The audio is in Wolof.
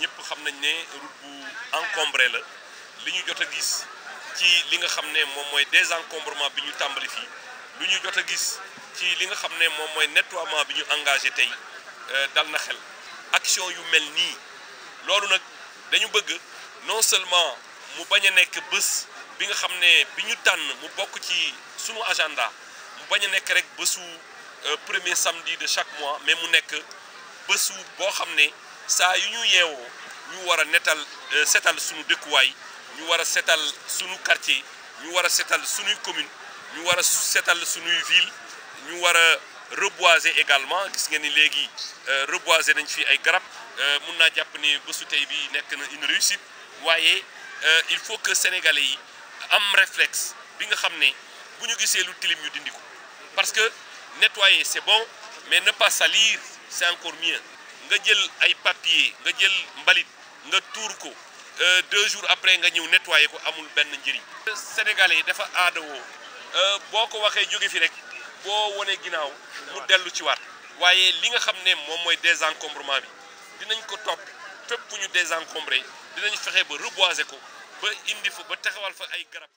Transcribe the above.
ñëpp xam nañ ne route bu encombré la li ñu jot a gis ci li nga xam ne moom mooy encombrement bi ñu tàmbali fii lu ñu jot a gis ci li nga xam ne moom mooy nettoiement bi ñu engagé tey euh, dal na xel action yu mel nii loolu nag dañu bëgg non seulement mu bañ a nekk bës bi nga xam ne bi ñu tànn mu bokk ci sumu agenda mu bañ a nekk rek bésu euh, premier samedi de chaque mois mais mu nekk bésu boo xam ne saa yu ñu yeewoo ñu war a netal euh, setal suñu dëkkuwaay ñu war a setal suñu quartier ñu war a setal suñuy commune ñu war a setal suñuy ville ñu war a reboiser également gis nga ni léegi euh, reboiser nañ fi ay garab euh, mun naa jàpp ni bësu tey bi nekk na une réussite waaye il faut que sénégalais yi am réflexe bi nga xam ne bu ñu gisee lu tilim yu dindi ko parce que nettoyer c'est bon mais na pas salir c'est encore mieux nga jël ay papier nga jël mbalit nga tuur ko euh, deux jours après nga ñëw nettoyer ko amul benn njëriñ. Sénégalais yi dafa aadawoo euh, boo ko waxee jóge fi rek boo wone ginnaaw mu dellu ci waat waaye li nga xam ne moom mooy encombrement bi dinañ ko topp fépp fu ñu encombre désencombré dinañ fexe ba reboiser ko ba indi fa ba texewal fa ay garab.